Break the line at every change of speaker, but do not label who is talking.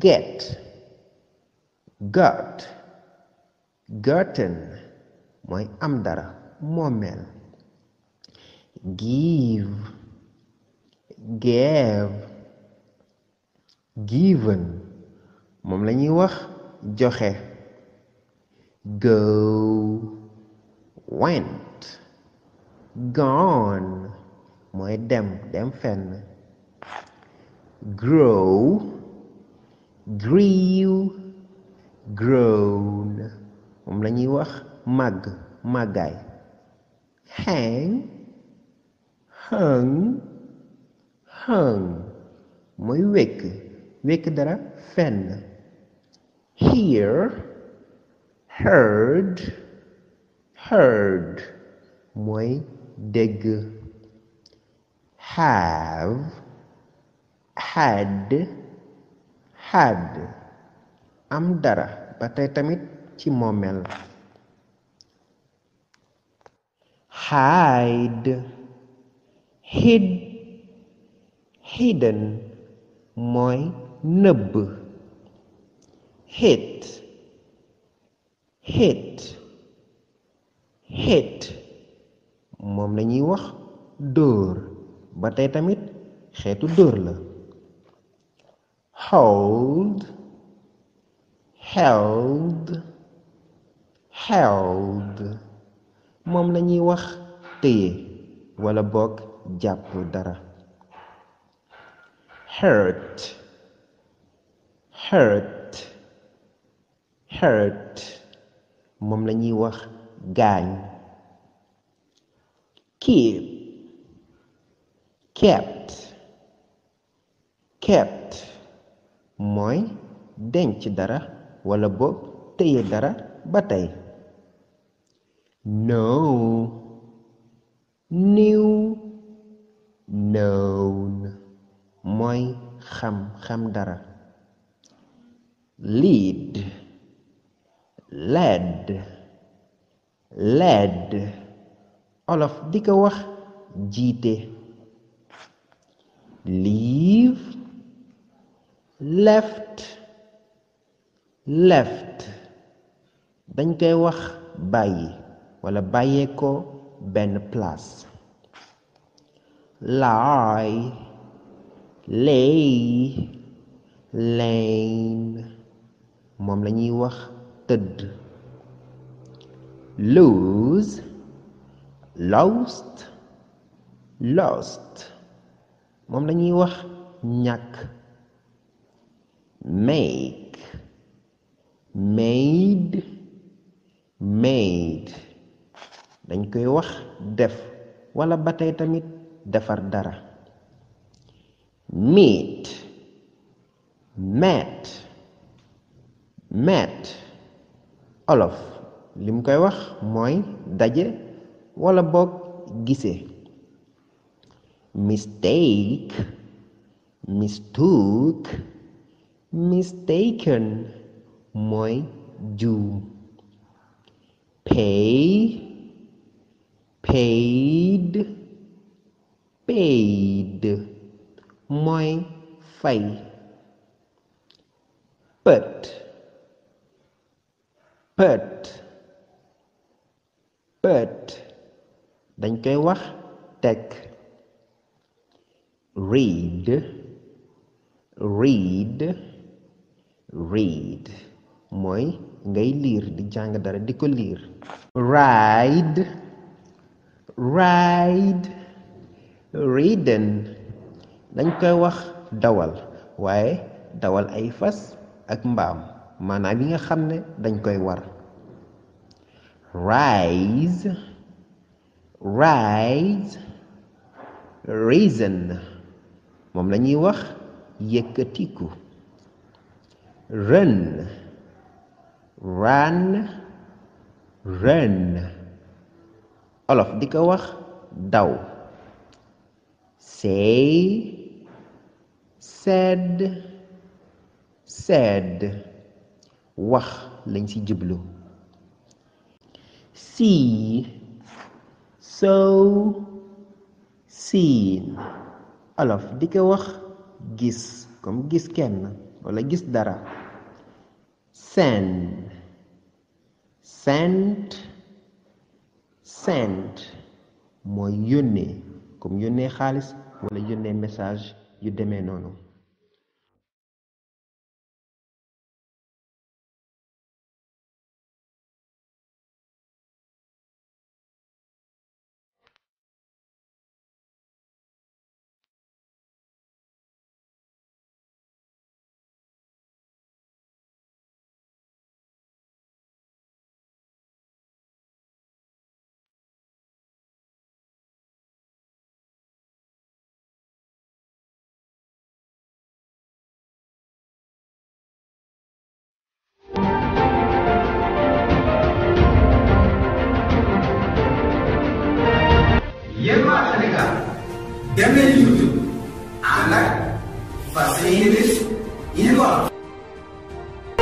get gert gerten mooy am dara moomeel give gave given moom lañuy wax joxe go went gone mooy dem dem fenn grow grew grown moom la ñuy wax màgg màggaay hang hung hung mooy wékk wékk dara fenn hear heard heard mooy dégg have had xadd am dara ba tey tamit ci moomeel la hide hid hidden mooy nëbb hit hit hit moom lañuy wax dóor ba tey tamit xeetu dóor la hold, held, held moom la wax téye wala boog jàpp dara hurt hurt hurt moom lañuy wax gaañ keep kept mooy denc dara walla boog téye dara ba tey no new known mooy xam-xam dara lead led led olof di ko wax jiite leave left left dañ koy wax bàyyi wala bàyyee benn place laay lay lane moom la ñuy wax tëdd lose lost lost moom la wax ñàkk make made made dañ koy wax def walla ba tey tamit defar dara meet met met olof lim koy wax mooy daje wala boog gisee mistake mistook mistaken mooy juum pay paid mooy fay put put put dañ koy wax tek read read read mooy ngay liir di jàng dara di ko liir ride ride dañ koy wax dawal waaye dawal ay fas ak mbaam maanaam yi nga xam ne dañ koy war rise rise reason moom lañuy wax yëkkatiku run ran run olof di ko wax daw say said said wax lañ ci jublu see so seen olof di ko wax gis comme gis kenn wala gis dara send sent sent mooy yónnee comme yónnee xaalis wala yónnee message yu demee noonu